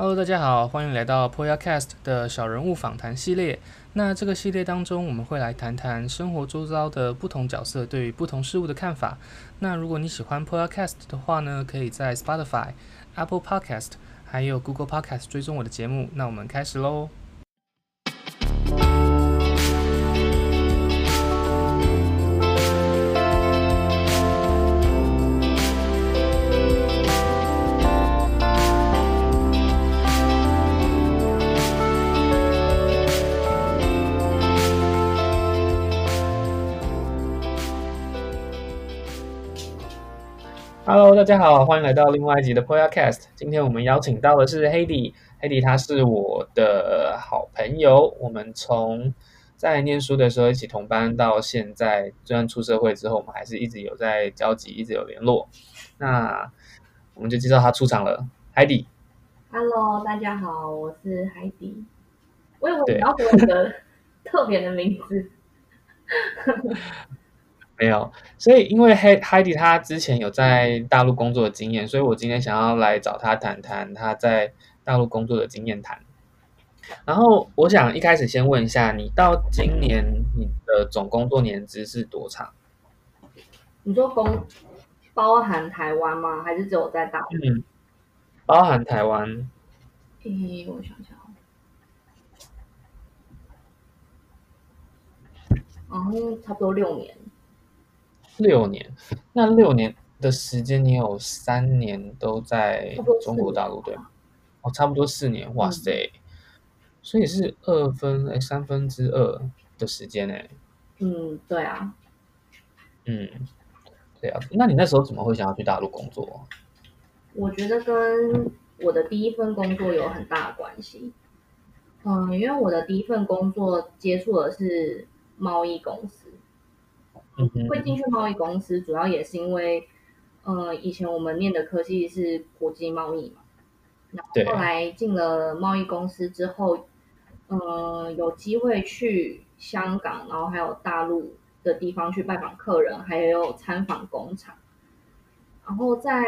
Hello，大家好，歡迎來到 Poyacast 的小人物訪談系列。那這個系列當中，我們會來談談生活周遭的不同角色對於不同事物的看法。那如果你喜歡 Poyacast 的話呢，可以在 Spotify、Apple Podcast 還有 Google Podcast 追蹤我的節目。那我們開始嘍。Hello，大家好，歡迎來到另外一集的 Podcast。今天我們邀請到的是 Heidi，Heidi 她是我的好朋友。我們從在念書的時候一起同班到現在，就算出社會之後，我們還是一直有在交集，一直有聯絡。那我們就介紹她出場了，Heidi。Hello，大家好，我是 Heidi。我為什麼要取我的特別的名字？ 沒有，所以因為 Heidi 他之前有在大陸工作的經驗，所以我今天想要來找他談談他在大陸工作的經驗談。然後我想一開始先問一下，你到今年你的總工作年資是多長？你說工包含台灣嗎？還是只有在大陸？嗯，包含台灣。嘿、嗯、嘿、欸，我想想。然後，嗯，差不多六年。六年，那六年的時間，你有三年都在中國大陸，對嗎？哦，差不多四年，嗯、哇塞，所以是二分誒、欸，三分之二的時間誒、欸。嗯，對啊。嗯，對啊。那你那時候怎麼會想要去大陸工作？我覺得跟我的第一份工作有很大的關係。嗯，因為我的第一份工作接觸的是貿易公司。會進去貿易公司，主要也是因為，呃，以前我們念的科系是國際貿易嘛。然後，後來進了貿易公司之後，對啊，呃，有機會去香港，然後還有大陸的地方去拜訪客人，還有參訪工廠。然後在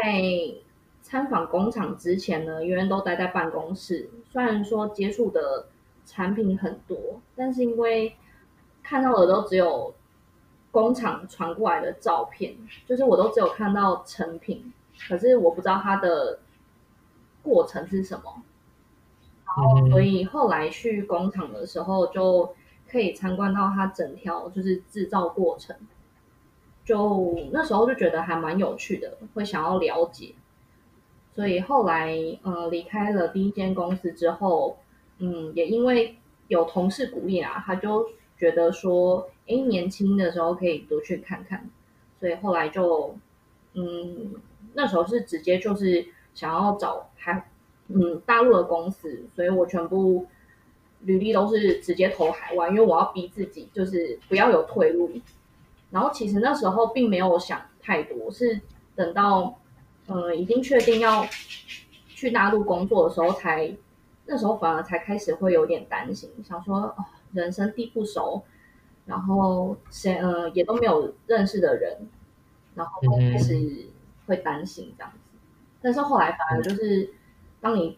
參訪工廠之前呢，永遠都待在辦公室。雖然說接觸的產品很多，但是因為看到的都只有。工廠傳過來的照片，就是我都只有看到成品，可是我不知道它的過程是什麼。然後，所以後來去工廠的時候，就可以參觀到它整條就是製造過程。就那時候就覺得還蠻有趣的，會想要了解。所以後來，呃，離開了第一間公司之後，嗯，也因為有同事鼓勵啊，他就。覺得說，欸，年輕的時候可以多去看看，所以後來就，嗯，那時候是直接就是想要找海，嗯，大陸的公司，所以我全部履歷都是直接投海外，因為我要逼自己，就是不要有退路。然後其實那時候並沒有想太多，是等到，嗯，已經確定要去大陸工作的時候才，才那時候反而才開始會有點擔心，想說。人生地不熟，然後先呃也都沒有認識的人，然後開始會擔心這樣子，嗯。但是後來反而就是當你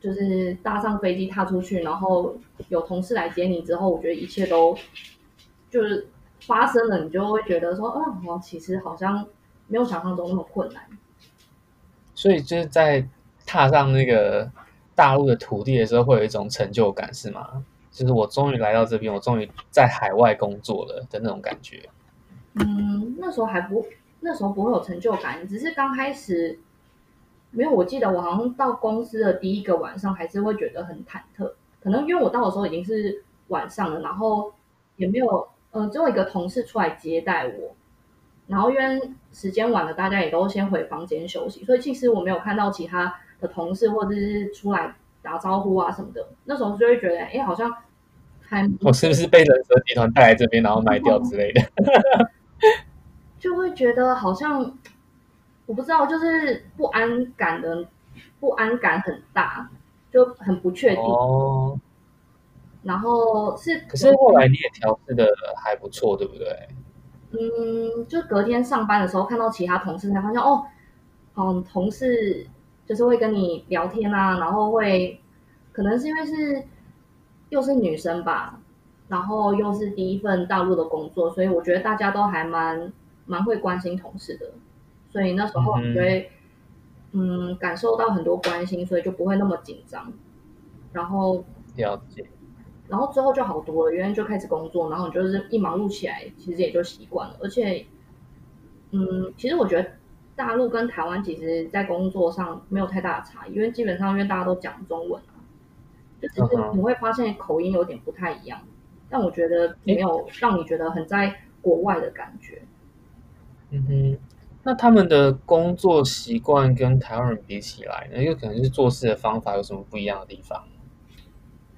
就是搭上飛機踏出去，然後有同事來接你之後，我覺得一切都就是發生了，你就會覺得說嗯、啊、我其實好像沒有想象中那麼困難。所以就是在踏上那個大陸的土地的時候，會有一種成就感，是嗎？就是我終於來到這邊，我終於在海外工作了的那種感覺。嗯，那時候還不，那時候不會有成就感，只是剛開始沒有。我記得我好像到公司的第一個晚上，還是會覺得很忐忑。可能因為我到的時候已經是晚上了，然後也沒有，呃，只有一個同事出來接待我。然後因為時間晚了，大家也都先回房間休息，所以其實我沒有看到其他的同事或者是出來打招呼啊什麼的。那時候就會覺得，哎、欸，好像。還我是不是被人蛇集團帶來這邊，然後賣掉之類的？嗯，就會覺得好像我不知道，就是不安感的不安感很大，就很不確定。哦，然後是可是後來你也調適的還不錯，對不對？嗯，就隔天上班的時候看到其他同事，才發現哦，嗯，同事就是會跟你聊天啊，然後會可能是因為是。又是女生吧，然後又是第一份大陸的工作，所以我覺得大家都還蠻蠻會關心同事的，所以那時候你會嗯，嗯感受到很多關心，所以就不會那麼緊張。然後了解，然後之後就好多了，因為就開始工作，然後就是一忙碌起來，其實也就習慣了。而且嗯，其實我覺得大陸跟台灣其實，在工作上沒有太大的差異，因為基本上因為大家都講中文啊。就是你會發現口音有點不太一樣，Uh-huh. 但我覺得沒有讓你覺得很在國外的感覺。嗯哼，那他們的工作習慣跟台灣人比起來呢，又可能是做事的方法有什麼不一樣的地方？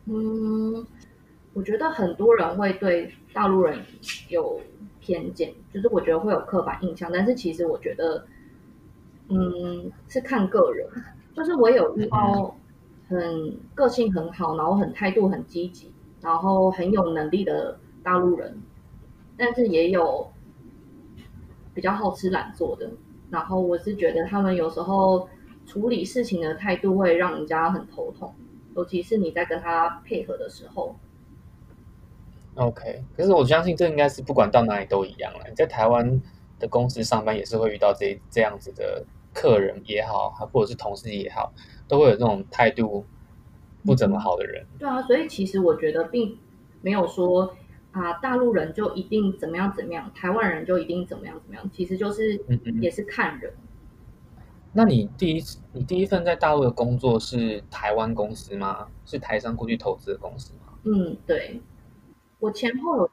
嗯，我覺得很多人會對大陸人有偏見，就是我覺得會有刻板印象，但是其實我覺得，嗯，是看個人，就是我有遇到，嗯。很個性很好，然後很態度很積極，然後很有能力的大陸人，但是也有比較好吃懶做的，然後我是覺得他們有時候處理事情的態度會讓人家很頭痛，尤其是你在跟他配合的時候。OK，可是我相信這應該是不管到哪裡都一樣啦。你在台灣的公司上班也是會遇到這這樣子的。客人也好，或者是同事也好，都會有這種態度不怎麼好的人。嗯、對啊，所以其實我覺得並沒有說啊、呃，大陸人就一定怎麼樣怎麼樣，台灣人就一定怎麼樣怎麼樣，其實就是嗯嗯也是看人。那你第一你第一份在大陸的工作是台灣公司嗎？是台商過去投資的公司嗎？嗯，對，我前後有待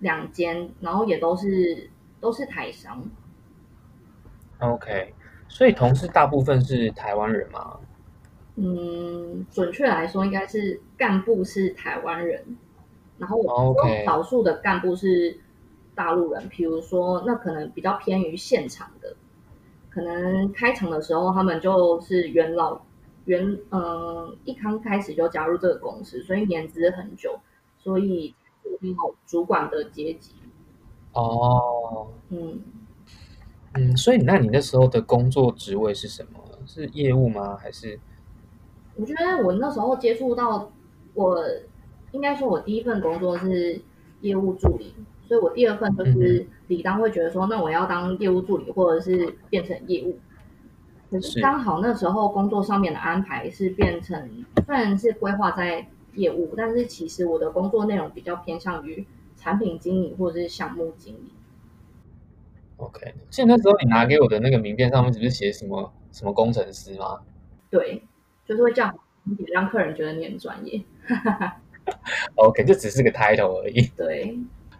兩間，然後也都是都是台商。OK，所以同事大部分是台灣人嗎？嗯，準確來說，應該是幹部是台灣人，然後 OK 少數的幹部是大陸人，比、okay. 如說那可能比較偏於現場的，可能開場的時候他們就是元老，元嗯、呃，一剛開始就加入這個公司，所以年資很久，所以有主管的階級。哦、oh.，嗯。嗯，所以那你那時候的工作職位是什麼？是業務嗎？還是？我覺得我那時候接觸到我應該說，我第一份工作是業務助理，所以我第二份就是理當會覺得說，嗯、那我要當業務助理，或者是變成業務。可是剛好那時候工作上面的安排是變成是雖然是規劃在業務，但是其實我的工作內容比較偏向於產品經理或者是項目經理。OK，現在那時候你拿給我的那個名片上面只是,是寫什麼什麼工程師嗎？對，就是這樣子，讓客人覺得你很專業。 OK，這只是個 title 而已。對，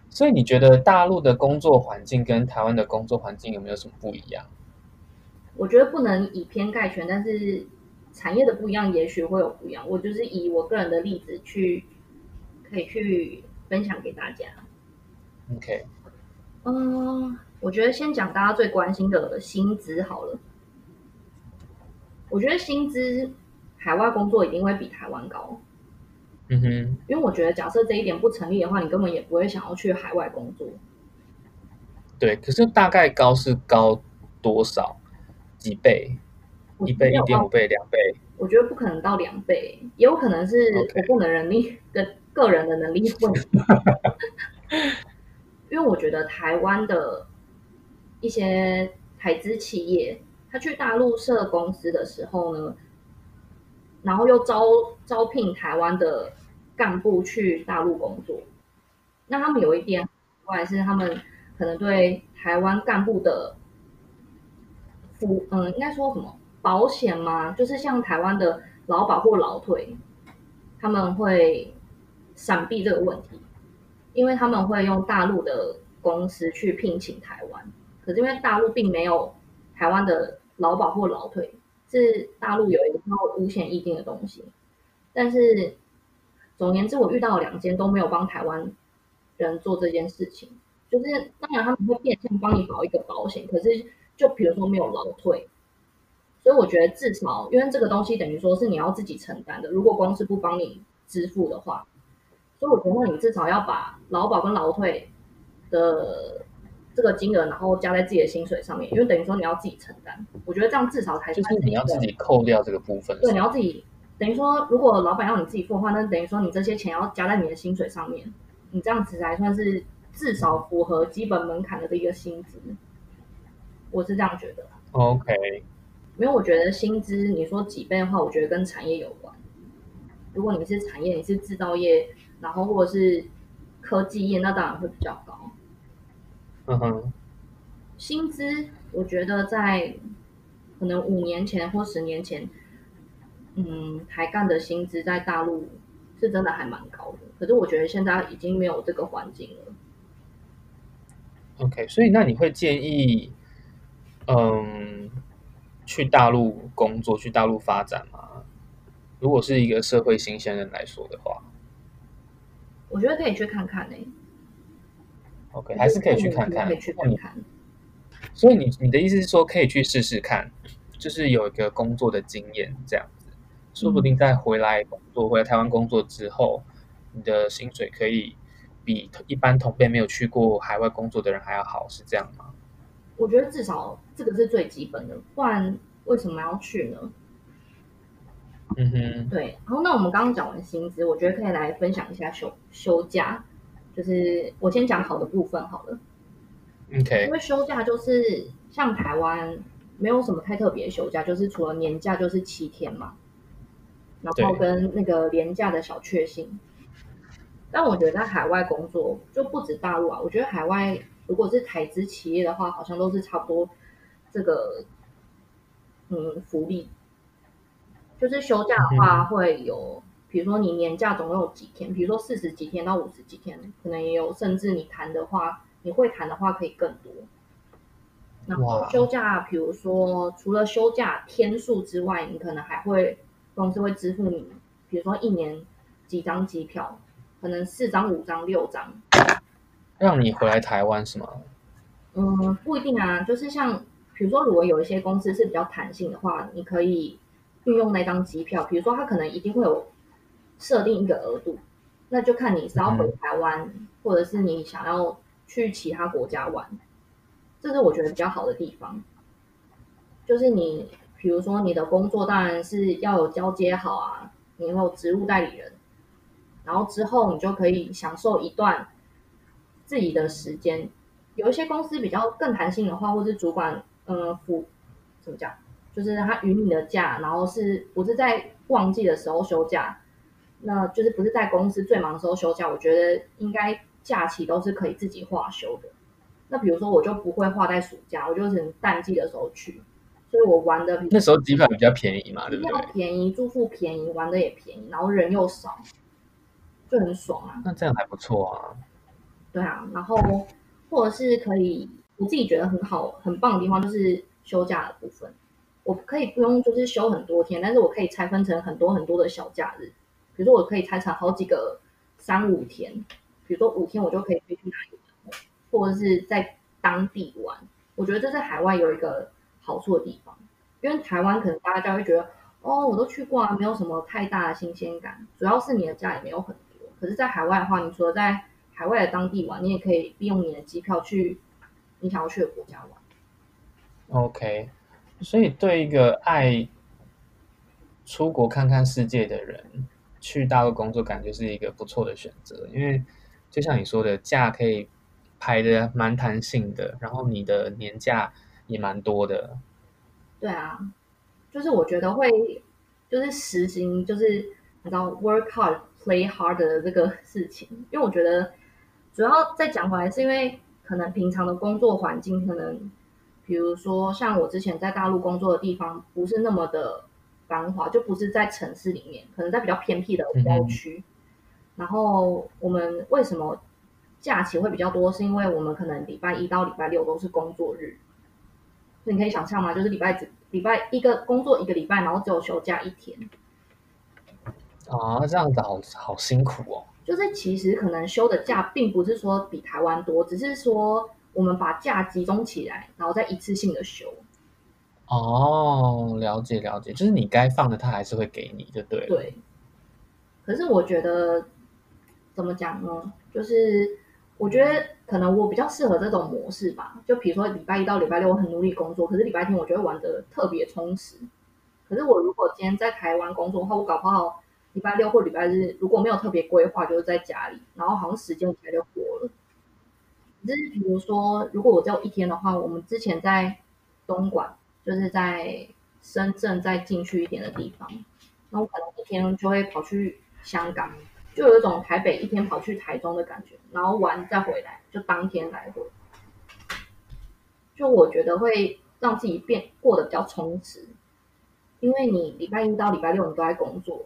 所以你覺得大陸的工作環境跟台灣的工作環境有沒有什麼不一樣？我覺得不能以偏概全，但是產業的不一樣，也許會有不一樣。我就是以我個人的例子去，可以去分享給大家。OK，嗯、uh...。我覺得先講大家最關心的薪資好了。我覺得薪資海外工作一定會比台灣高。嗯哼。因為我覺得，假設這一點不成立的話，你根本也不會想要去海外工作。對，可是大概高是高多少？幾倍？一倍、一點五倍、兩倍？我覺得不可能到兩倍，也有可能是我，okay，個人力的個人的能力會很。 因為我覺得台灣的。一些台資企業，他去大陸設公司的時候呢，然後又招招聘台灣的幹部去大陸工作。那他們有一點奇怪是，他們可能對台灣幹部的福，嗯，應該說什麼保險嗎？就是像台灣的勞保或勞退，他們會閃避這個問題，因為他們會用大陸的公司去聘請台灣。可是因為大陸並沒有台灣的勞保或勞退，是大陸有一個超五險一金的東西。但是總言之，我遇到兩間都沒有幫台灣人做這件事情。就是當然他們會變相幫你保一個保險，可是就比如說沒有勞退。所以我覺得至少，因為這個東西等於說是你要自己承擔的。如果光是不幫你支付的話，所以我覺得你至少要把勞保跟勞退的。這個金額，然後加在自己的薪水上面，因為等於說你要自己承擔。我覺得這樣至少才是。就是、你要自己扣掉這個部分。對，你要自己等於說，如果老闆要你自己付的話，那等於說你這些錢要加在你的薪水上面，你這樣子才算是至少符合基本門檻的這一個薪資。我是這樣覺得。OK。因為我覺得薪資，你說幾倍的話，我覺得跟產業有關。如果你是產業，你是製造業，然後或者是科技業，那當然會比較高。嗯哼，薪資我覺得在可能五年前或十年前，嗯，台幹的薪資在大陸是真的還蠻高的。可是我覺得現在已經沒有這個環境了。OK，所以那你會建議，嗯，去大陸工作，去大陸發展嗎？如果是一個社會新鮮人來說的話，我覺得可以去看看呢、欸。OK，還是可以去看看，可以去看看。嗯，所以你你的意思是說可以去試試看，就是有一個工作的經驗這樣子，說不定在回來工作，嗯，回來台灣工作之後，你的薪水可以比一般同輩沒有去過海外工作的人還要好，是這樣嗎？我覺得至少這個是最基本的，不然為什麼要去呢？嗯哼，對。然後那我們剛剛講完薪資，我覺得可以來分享一下休休假。就是我先講好的部分好了，OK。因為休假就是像台灣沒有什麼太特別的休假，就是除了年假就是七天嘛，然後跟那個連假的小確幸。但我覺得在海外工作就不止大陸啊，我覺得海外如果是台資企業的話，好像都是差不多這個，嗯，福利就是休假的話會有、嗯。比如說你年假總共有幾天？比如說四十幾天到五十幾天，可能也有，甚至你談的話，你會談的話可以更多。然後休假，比如說除了休假天數之外，你可能還會公司會支付你，比如說一年幾張機票，可能四張、五張、六張，讓你回來台灣是嗎？嗯，不一定啊，就是像比如說，如果有一些公司是比較彈性的話，你可以運用那張機票，比如說他可能一定會有。設定一個額度，那就看你是要回台灣，嗯，或者是你想要去其他國家玩，這是我覺得比較好的地方。就是你，比如說你的工作當然是要有交接好啊，你有職務代理人，然後之後你就可以享受一段自己的時間。有一些公司比較更彈性的話，或是主管，嗯，付怎麼講，就是他與你的假，然後是不是在旺季的時候休假？那就是不是在公司最忙的時候休假，我覺得應該假期都是可以自己畫休的。那比如說，我就不會畫在暑假，我就只能淡季的時候去，所以我玩的比那時候機票比較便宜嘛，對不對？便宜，住宿便宜，玩的也便宜，然後人又少，就很爽啊。那這樣還不錯啊。對啊，然後或者是可以，我自己覺得很好、很棒的地方就是休假的部分，我可以不用就是休很多天，但是我可以拆分成很多很多的小假日。比如說，我可以延長好幾個三五天，比如說五天，我就可以去哪裡玩，或者是在當地玩。我覺得這是海外有一個好處的地方，因為台灣可能大家就會覺得，哦，我都去過啊，沒有什麼太大的新鮮感。主要是你的假也沒有很多，可是，在海外的話，你除了在海外的當地玩，你也可以利用你的機票去你想要去的國家玩。OK，所以對一個愛出國看看世界的人。去大陸工作感覺是一個不錯的選擇，因為就像你說的，假可以排得蠻彈性的，然後你的年假也蠻多的。對啊，就是我覺得會就是實行就是你知道 work hard play hard 的這個事情，因為我覺得主要在講回來是因為可能平常的工作環境可能比如說像我之前在大陸工作的地方不是那麼的。繁華就不是在城市裡面，可能在比較偏僻的郊區，嗯。然後我們為什麼假期會比較多？是因為我們可能禮拜一到禮拜六都是工作日，所以你可以想象嗎？就是禮拜只禮拜一個工作一個禮拜，然後只有休假一天。啊，這樣子好好辛苦哦。就是其實可能休的假並不是說比台灣多，只是說我們把假集中起來，然後再一次性的休。哦，了解了解，就是你該放的他還是會給你，對對？對。可是我覺得怎麼講呢？就是我覺得可能我比較適合這種模式吧。就比如說禮拜一到禮拜六我很努力工作，可是禮拜天我覺得玩的特別充實。可是我如果今天在台灣工作的話，我搞不好禮拜六或禮拜日如果沒有特別規劃，就是在家裡，然後好像時間一下就過了。就是比如說，如果我只有一天的話，我們之前在東莞。就是在深圳再進去一點的地方，那我可能一天就會跑去香港，就有一種台北一天跑去台中的感覺，然後玩再回來，就當天來回。就我覺得會讓自己變過得比較充實，因為你禮拜一到禮拜六你都在工作，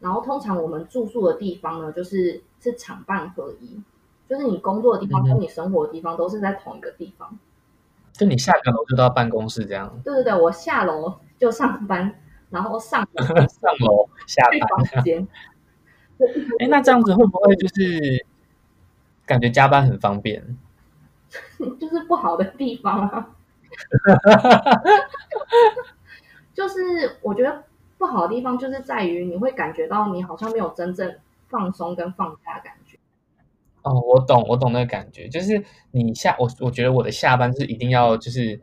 然後通常我們住宿的地方呢，就是是廠辦合一，就是你工作的地方跟你生活的地方都是在同一個地方。嗯嗯就你下個樓就到辦公室這樣，對對對，我下樓就上班，然後上樓 上樓下班、啊。間。哎，那這樣子會不會就是感覺加班很方便？ 就是不好的地方啊。 就是我覺得不好的地方，就是在於你會感覺到你好像沒有真正放鬆跟放假感。哦，我懂，我懂那個感覺，就是你下我，我覺得我的下班是一定要就是，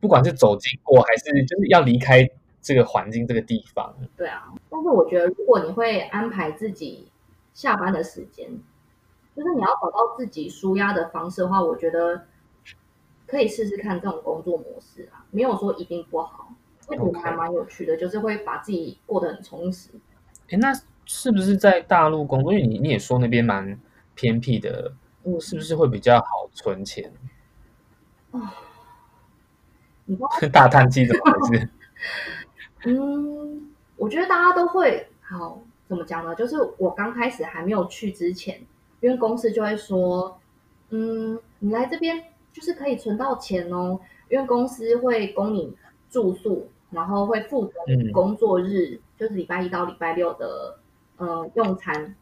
不管是走經過還是就是要離開這個環境這個地方。對啊，但是我覺得如果你會安排自己下班的時間，就是你要找到自己舒壓的方式的話，我覺得可以試試看這種工作模式啊，沒有說一定不好，會、okay. 其實還蠻有趣的，就是會把自己過得很充實。哎，那是不是在大陸工作？因為你你也說那邊蠻。偏僻的，我、嗯、是不是會比較好存錢？啊、嗯！大嘆氣，怎麼回事？ 嗯，我覺得大家都會好，怎麼講呢？就是我剛開始還沒有去之前，因為公司就會說，嗯，你來這邊就是可以存到錢哦，因為公司會供你住宿，然後會負責工作日、嗯，就是禮拜一到禮拜六的，呃，用餐。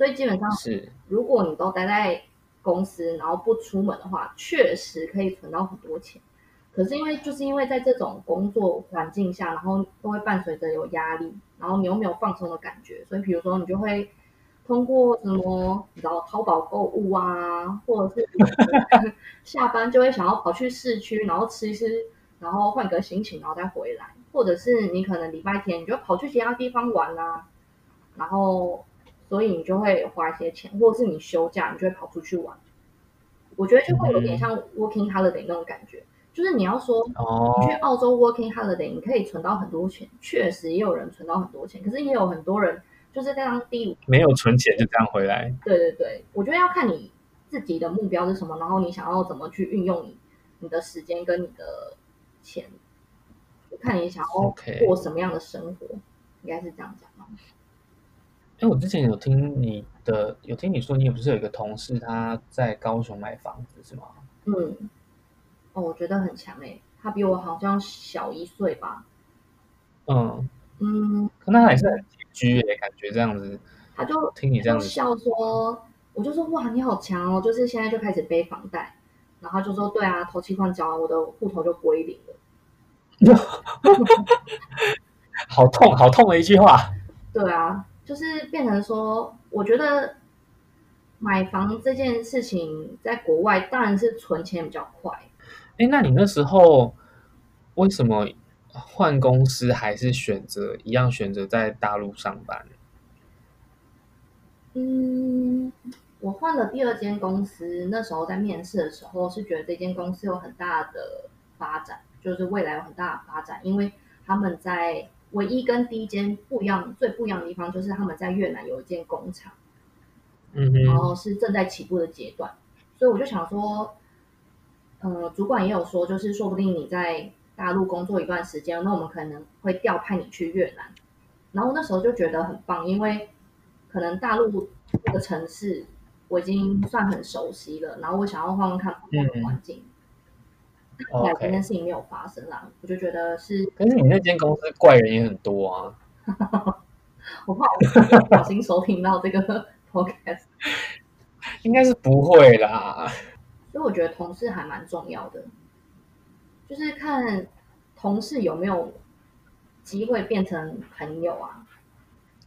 所以基本上是，如果你都待在公司，然後不出門的話，確實可以存到很多錢。可是因為就是因為在這種工作環境下，然後都會伴隨着有壓力，然後你又沒有放鬆的感覺，所以比如說你就會通過什麼，你知道淘寶購物啊，或者是下班就會想要跑去市區，然後吃一吃，然後換個心情，然後再回來，或者是你可能禮拜天你就跑去其他地方玩啊，然後。所以你就會花一些錢，或者是你休假，你就會跑出去玩。我覺得就會有點像 working holiday 那種感覺，嗯、就是你要說、哦、你去澳洲 working holiday，你可以存到很多錢，確實也有人存到很多錢，可是也有很多人就是在當地沒有存錢就這樣回來。對對對，我覺得要看你自己的目標是什麼，然後你想要怎麼去運用你你的時間跟你的錢，看你想要過什麼樣的生活，嗯 okay、應該是這樣講吧。哎、欸，我之前有聽你的，有聽你說，你也不是有一個同事，他在高雄買房子是嗎？嗯，哦，我覺得很強哎、欸，他比我好像小一歲吧？嗯嗯，那他還是很拮据哎，感覺這樣子。他就聽你這樣子笑說，我就說哇，你好強哦，就是現在就開始背房貸，然後他就說對啊，頭期款交完，我的戶頭就歸零了。 好痛，好痛的一句話。對啊。就是變成說，我覺得買房這件事情，在國外當然是存錢比較快。欸，那你那時候為什麼換公司還是選擇一樣選擇在大陸上班？嗯，我換了第二間公司，那時候在面試的時候是覺得這間公司有很大的發展，就是未來有很大的發展，因為他們在。唯一跟第一間不一樣，最不一樣的地方就是他們在越南有一間工廠，mm -hmm. 然後是正在起步的階段，所以我就想說，呃，主管也有說，就是說不定你在大陸工作一段時間，那我們可能會調派你去越南，然後那時候就覺得很棒，因為可能大陸這個城市我已經算很熟悉了，然後我想要換換看不同的環境。Mm -hmm. 那這件事情沒有發生啦，okay，我就覺得是。可是你那間公司怪人也很多啊。 我怕我不小心收聽到這個 podcast。應該是不會啦。所以我覺得同事還蠻重要的，就是看同事有沒有機會變成朋友啊，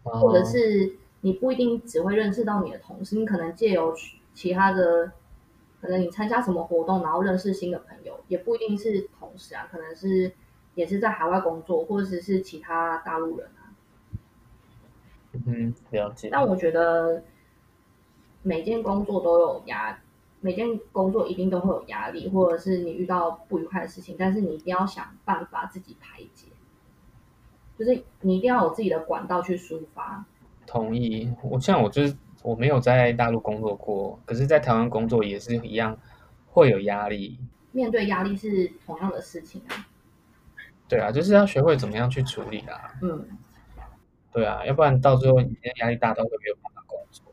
啊，或者是你不一定只會認識到你的同事，你可能借由其他的。可能你參加什麼活動，然後認識新的朋友，也不一定是同事啊，可能是也是在海外工作，或者是，是其他大陸人啊。嗯，了解。但我覺得每件工作都有壓，每件工作一定都會有壓力，或者是你遇到不愉快的事情，但是你一定要想辦法自己排解，就是你一定要有自己的管道去抒發。同意，我像我就是。我沒有在大陸工作過，可是，在台灣工作也是一樣，會有壓力。面對壓力是同樣的事情啊。對啊，就是要學會怎麼樣去處理啦、啊。嗯。對啊，要不然到最後你的壓力大到會沒有辦法工作。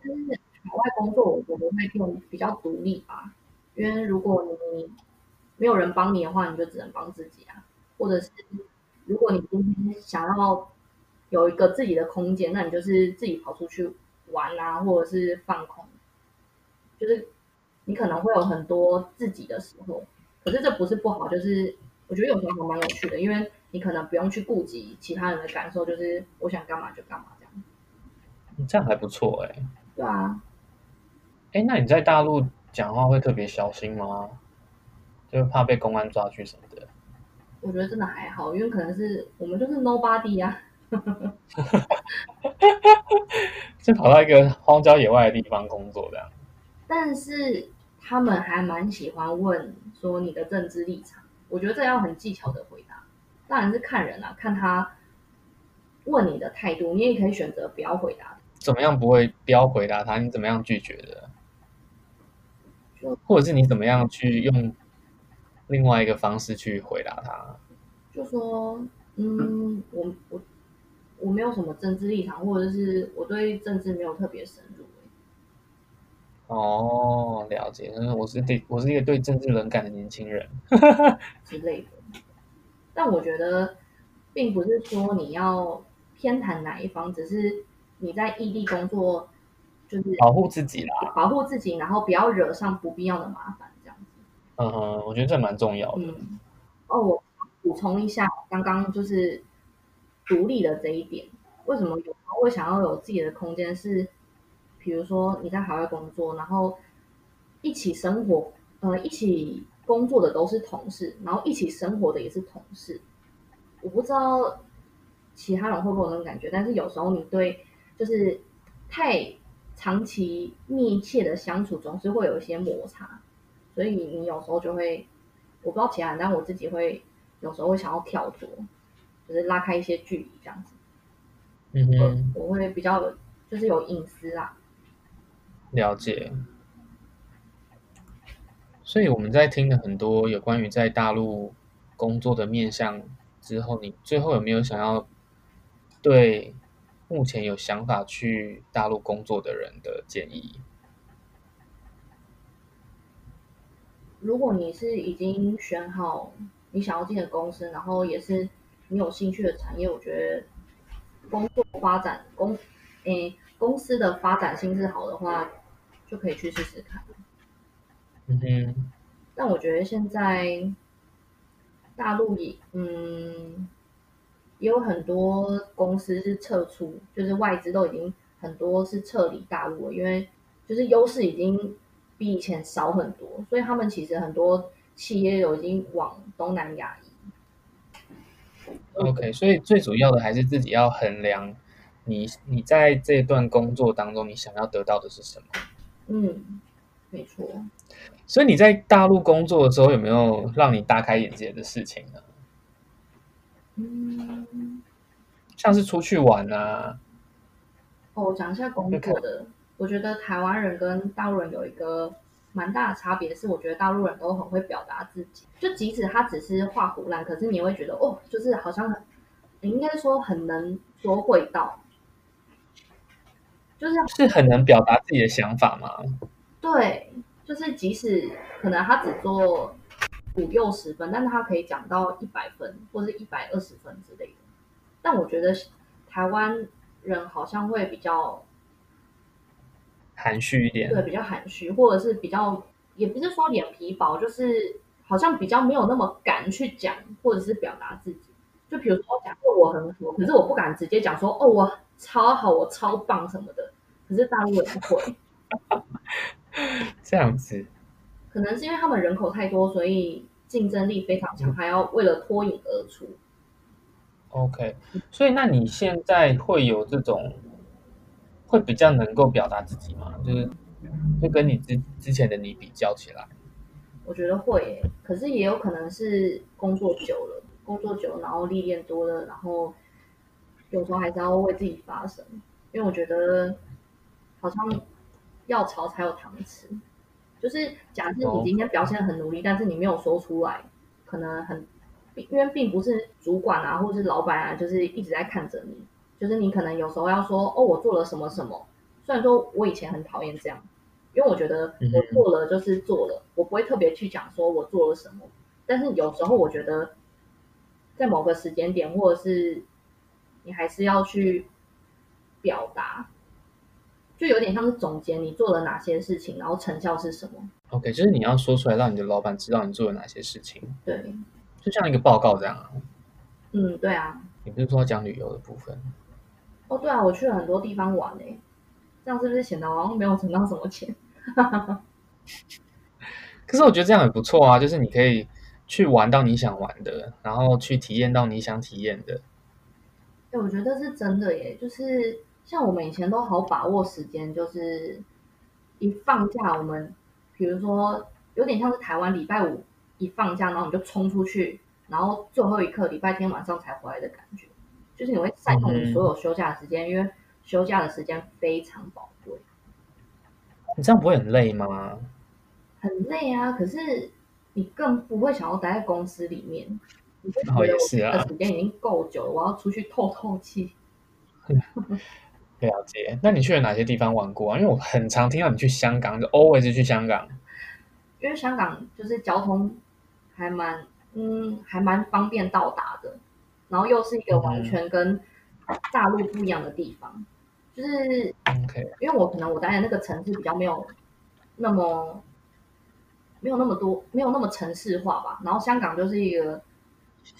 海外工作我覺得會比,比較獨立吧，因為如果你沒有人幫你的話，你就只能幫自己啊。或者是如果你今天想要有一個自己的空間，那你就是自己跑出去。玩啊，或者是放空，就是你可能會有很多自己的時候，可是這不是不好，就是我覺得有時候還蠻有趣的，因為你可能不用去顧及其他人的感受，就是我想幹嘛就幹嘛這樣。這樣還不錯哎、欸。對啊。哎，那你在大陸講話會特別小心嗎？就怕被公安抓去什麼的？我覺得真的還好，因為可能是我們就是 nobody 啊。先 跑到一個荒郊野外的地方工作，這樣。但是他們還蠻喜歡問說你的政治立場，我覺得這要很技巧的回答。當然是看人啊，看他問你的態度，你也可以選擇不要回答。怎麼樣不會不要回答他？你怎麼樣拒絕的？就或者是你怎麼樣去用另外一個方式去回答他？就說，嗯，我我。我沒有什麼政治立場，或者是我對政治沒有特別深入。哦，了解。我是對，我是一個對政治冷感的年輕人 之類的。但我覺得，並不是說你要偏袒哪一方，只是你在異地工作，就是保護自己啦，保護自己，然後不要惹上不必要的麻煩，這樣子。嗯哼，我覺得這蠻重要的，嗯。哦，我補充一下，剛剛就是。獨立的這一點，為什麼有時候會想要有自己的空間？是，比如說你在海外工作，然後一起生活，呃，一起工作的都是同事，然後一起生活的也是同事。我不知道其他人會不會有那種感覺，但是有時候你對就是太長期密切的相處，總是會有一些摩擦，所以你有時候就會，我不知道其他人，但我自己會有時候會想要跳脫。只是拉開一些距離，這樣子。嗯哼，我，我會比較就是有隱私啦、啊。了解。所以我們在聽了很多有關於在大陸工作的面向之後，你最後有沒有想要對目前有想法去大陸工作的人的建議？如果你是已經選好你想要進的公司，然後也是。你有興趣的產業，我覺得工作發展、公誒、欸、公司的發展性質好的話，就可以去試試看。嗯，但我覺得現在大陸已嗯，也有很多公司是撤出，就是外資都已經很多是撤離大陸了，因為就是優勢已經比以前少很多，所以他們其實很多企業有已經往東南亞移。OK，所以最主要的還是自己要衡量你，你你在這段工作當中，你想要得到的是什麼？嗯，沒錯。所以你在大陸工作的時候，有沒有讓你大開眼界的事情呢？嗯，像是出去玩啊。哦，我講一下工作的。我覺得台灣人跟大陸人有一個。蠻大的差別是，我覺得大陸人都很會表達自己，就即使他只是唬爛，可是你會覺得哦，就是好像很，你應該說很能說會道，就是是很能表達自己的想法嗎？對，就是即使可能他只做五六十分，但是他可以講到一百分或者一百二十分之類的。但我覺得台灣人好像會比較含蓄一點，對，比較含蓄，或者是比較，也不是說臉皮薄，就是好像比較沒有那麼敢去講，或者是表達自己。就比如說，講說我很好，可是我不敢直接講說，哦，我超好，我超棒什麼的。可是大陸也不會 這樣子，可能是因為他們人口太多，所以競爭力非常強，嗯、還要為了脫穎而出。OK，所以那你現在會有這種？會比較能夠表達自己嗎？就是就跟你之之前的你比較起來，我覺得會、欸，可是也有可能是工作久了，工作久然後歷練多了，然後有時候還是要為自己發聲，因為我覺得好像要吵才有糖吃，就是假設你今天表現很努力，哦、但是你沒有說出來，可能很因為並不是主管啊或是老闆啊，就是一直在看着你。就是你可能有時候要說哦，我做了什麼什麼。雖然說我以前很討厭這樣，因為我覺得我做了就是做了，我不會特別去講說我做了什麼。但是有時候我覺得，在某個時間點，或者是你還是要去表達，就有點像是總結你做了哪些事情，然後成效是什麼。OK，就是你要說出來，讓你的老板知道你做了哪些事情。對，就像一個報告這樣啊。嗯，對啊。你不是說要講旅遊的部分？哦，對啊，我去了很多地方玩呢，這樣是不是顯得好像沒有存到什麼錢？ 可是我覺得這樣也不錯啊，就是你可以去玩到你想玩的，然後去體驗到你想體驗的。對，我覺得是真的耶，就是像我們以前都好把握時間，就是一放假我們，比如說，有點像是台灣禮拜五一放假，然後你就衝出去，然後最後一刻禮拜天晚上才回來的感覺。就是你會曬用你所有休假的時間、嗯，因為休假的時間非常寶貴。你這樣不會很累嗎？很累啊！可是你更不會想要待在公司裡面，不好意思啊，你會覺得我的時間已經夠久了，我要出去透透氣。 嗯、了解。那你去了哪些地方玩過啊？因為我很常聽到你去香港，就 always 去香港，因為香港就是交通還蠻，嗯，還蠻方便到達的。然後又是一個完全跟大陸不一樣的地方，嗯、就是、okay. 因為我可能我待的那個城市比較沒有那麼沒有那麼多沒有那麼城市化吧。然後香港就是一個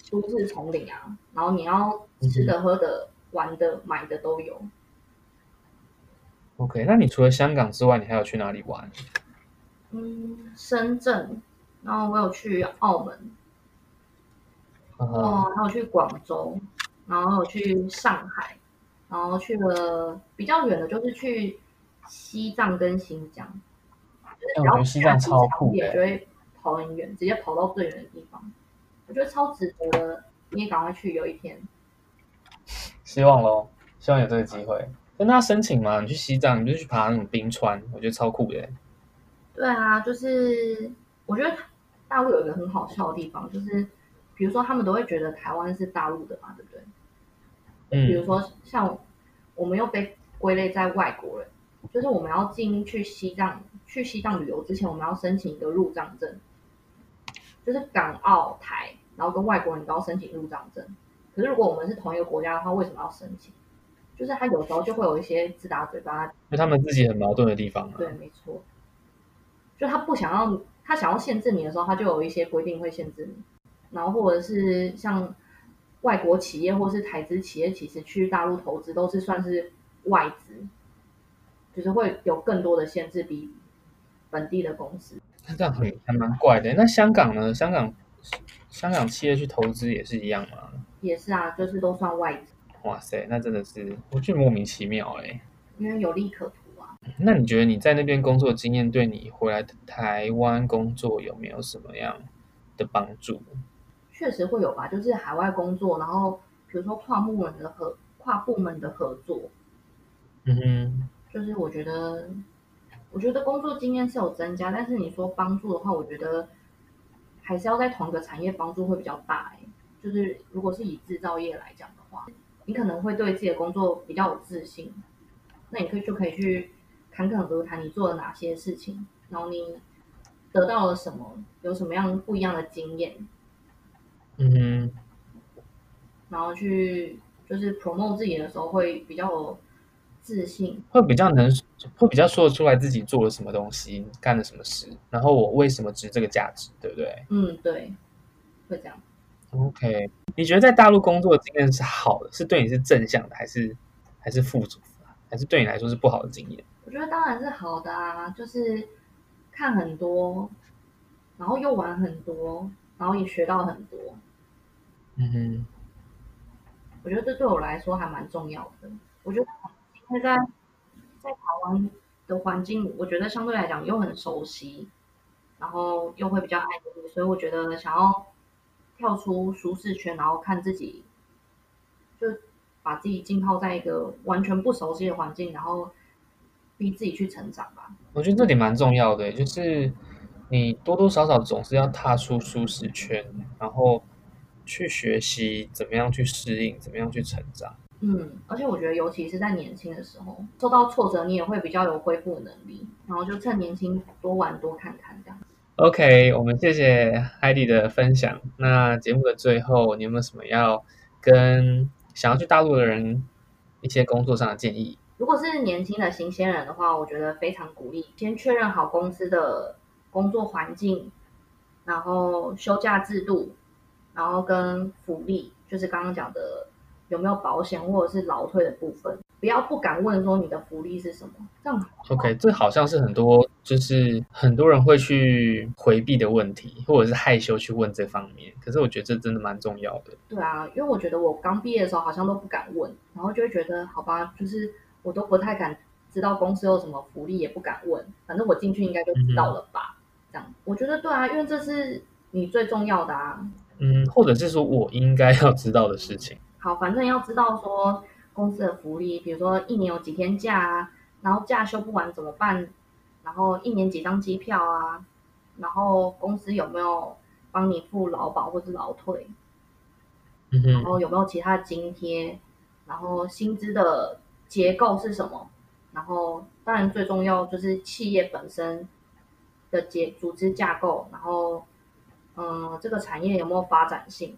都市叢林啊，然後你要吃的、喝的、mm -hmm. 玩的、買的都有。OK，那你除了香港之外，你還有去哪裡玩？嗯，深圳，然後我有去澳門。哦、嗯，然後去廣州，然後去上海，然後去了比較遠的，就是去西藏跟新疆，我、嗯就是覺得西藏超酷的，也就會跑很遠，直接跑到最遠的地方，我覺得超值得，你也趕快去有一天。希望咯，希望有這個機會，跟大家申請嘛。你去西藏，你就去爬那種冰川，我覺得超酷的耶。對啊，就是我覺得大陸有一個很好笑的地方，就是。比如說，他們都會覺得台灣是大陸的嘛，對不對？嗯。比如說，像我們又被歸類在外國人，就是我們要進去西藏、去西藏旅遊之前，我們要申請一個入藏證。就是港澳台，然後跟外國人都要申請入藏證。可是如果我們是同一個國家的話，為什麼要申請？就是他有時候就會有一些自打嘴巴，就他們自己很矛盾的地方嘛。對，沒錯。就他不想要，他想要限制你的時候，他就有一些規定會限制你。然後，或者是像外國企業，或是台資企業，其實去大陸投資都是算是外資，就是會有更多的限制比本地的公司。那這樣很還蠻怪的。那香港呢？香港，香港企業去投資也是一樣嗎？也是啊，就是都算外資。哇塞，那真的是我覺得莫名其妙哎。因為有利可圖啊。那你覺得你在那邊工作的經驗，對你回來台灣工作有沒有什麼樣的幫助？確實會有吧，就是海外工作，然後比如說跨部門的合跨部門的合作，嗯哼，就是我覺得，我覺得工作經驗是有增加，但是你說幫助的話，我覺得還是要在同一個產業幫助會比較大欸。哎，就是如果是以製造業來講的話，你可能會對自己的工作比較有自信，那你可以就可以去侃侃而談你做了哪些事情，然後你得到了什麼，有什麼樣不一樣的經驗。嗯，然後去就是 promote 自己的時候會比較有自信，會比較能會比較說得出來自己做了什麼東西，幹了什麼事，然後我為什麼值這個價值，對不對？嗯，對，會這樣。OK，你覺得在大陸工作的經驗是好的，是對你是正向的，還是還是負主，還是對你來說是不好的經驗？我覺得當然是好的啊，就是看很多，然後又玩很多，然後也學到很多。嗯哼， 我覺得這對我來說還蠻重要的。我覺得因為在在，在台灣的環境，我覺得相對來講又很熟悉，然後又會比較安逸，所以我覺得想要跳出舒適圈，然後看自己，就把自己浸泡在一個完全不熟悉的環境，然後逼自己去成長吧。我覺得這點蠻重要的，就是你多多少少總是要踏出舒適圈，然後。去學習怎麼樣去適應，怎麼樣去成長。嗯，而且我覺得，尤其是在年輕的時候，受到挫折，你也會比較有恢復能力。然後就趁年輕多玩多看看這樣。OK，我們謝謝 Heidi 的分享。那節目的最後，你有沒有什麼要跟想要去大陸的人一些工作上的建議？如果是年輕的新鮮人的話，我覺得非常鼓勵，先確認好公司的工作環境，然後休假制度。然後跟福利，就是剛剛講的有沒有保險或者是勞退的部分，不要不敢問說你的福利是什麼，這樣 OK。這好像是很多，就是很多人會去迴避的問題，或者是害羞去問這方面，可是我覺得這真的蠻重要的。對啊，因為我覺得我剛畢業的時候好像都不敢問，然後就會覺得好吧，就是我都不太敢知道公司有什麼福利，也不敢問，反正我進去應該就知道了吧。嗯、這樣我覺得對啊，因為這是你最重要的啊。嗯，或者是說我應該要知道的事情。好，反正要知道說公司的福利，比如說一年有幾天假啊，然後假休不完怎麼辦？然後一年幾張機票啊？然後公司有沒有幫你付勞保或者勞退？嗯，然後有沒有其他的津貼？然後薪資的結構是什麼？然後當然最重要就是企業本身的結組織架構，然後。嗯，這個產業有沒有發展性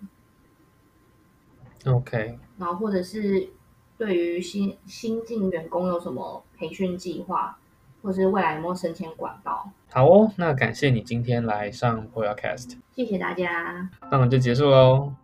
？OK，然後或者是對於新新進員工有什麼培訓計劃，或者是未來有沒有升遷管道？好哦，那感謝你今天來上 Podcast，謝謝大家，那我們就結束了哦。